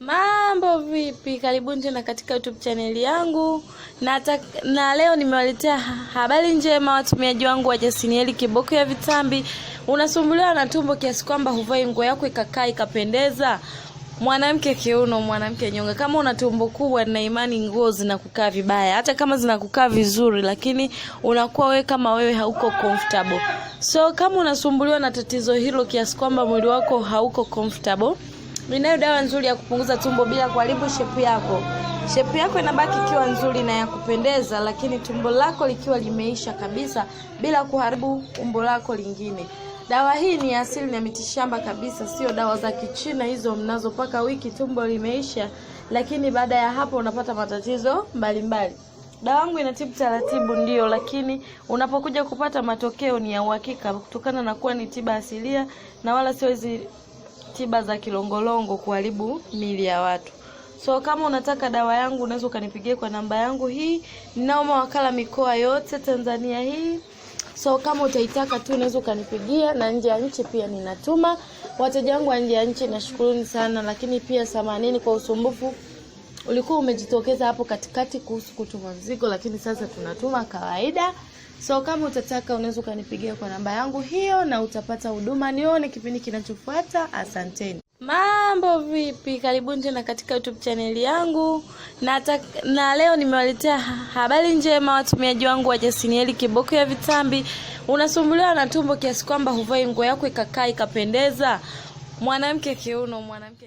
Mambo vipi? Karibuni tena katika YouTube channel yangu na, ta, na leo nimewaletea habari njema watumiaji wangu wa Jasinieli Kiboko ya Vitambi. Unasumbuliwa na tumbo kiasi kwamba huvai nguo yako ikakaa ikapendeza? Mwanamke kiuno, mwanamke nyonga, kama una tumbo kubwa na imani, nguo zinakukaa vibaya, hata kama zinakukaa vizuri, lakini unakuwa wewe kama wewe hauko comfortable. So kama unasumbuliwa na tatizo hilo kiasi kwamba mwili wako hauko comfortable Ninayo dawa nzuri ya kupunguza tumbo bila kuharibu shepu yako. Shepu yako inabaki ikiwa nzuri na ya kupendeza, lakini tumbo lako likiwa limeisha kabisa bila kuharibu umbo lako lingine. Dawa hii ni asili na mitishamba kabisa, sio dawa za Kichina hizo mnazopaka wiki tumbo limeisha, lakini baada ya hapo unapata matatizo mbalimbali. Dawa yangu inatibu taratibu, ndio, lakini unapokuja kupata matokeo ni ya uhakika, kutokana na kuwa ni tiba asilia na wala sio hizi tiba za kilongolongo kuharibu mili ya watu. So kama unataka dawa yangu unaweza ukanipigia kwa namba yangu hii. Ninao mawakala mikoa yote Tanzania hii. So kama utaitaka tu unaweza ukanipigia, na nje ya nchi pia ninatuma. Wateja wangu wa nje ya nchi nashukuruni sana, lakini pia samahani kwa usumbufu ulikuwa umejitokeza hapo katikati kuhusu kutuma mzigo, lakini sasa tunatuma kawaida. So kama utataka unaweza ukanipigia kwa namba yangu hiyo, na utapata huduma. Nione kipindi kinachofuata. Asanteni. Mambo vipi? Karibuni tena katika YouTube chaneli yangu na, ta, na leo nimewaletea habari njema watumiaji wangu wa Jasinieli Kiboko ya Vitambi. Unasumbuliwa na tumbo kiasi kwamba huvai nguo yako ikakaa ikapendeza? Mwanamke kiuno, mwanamke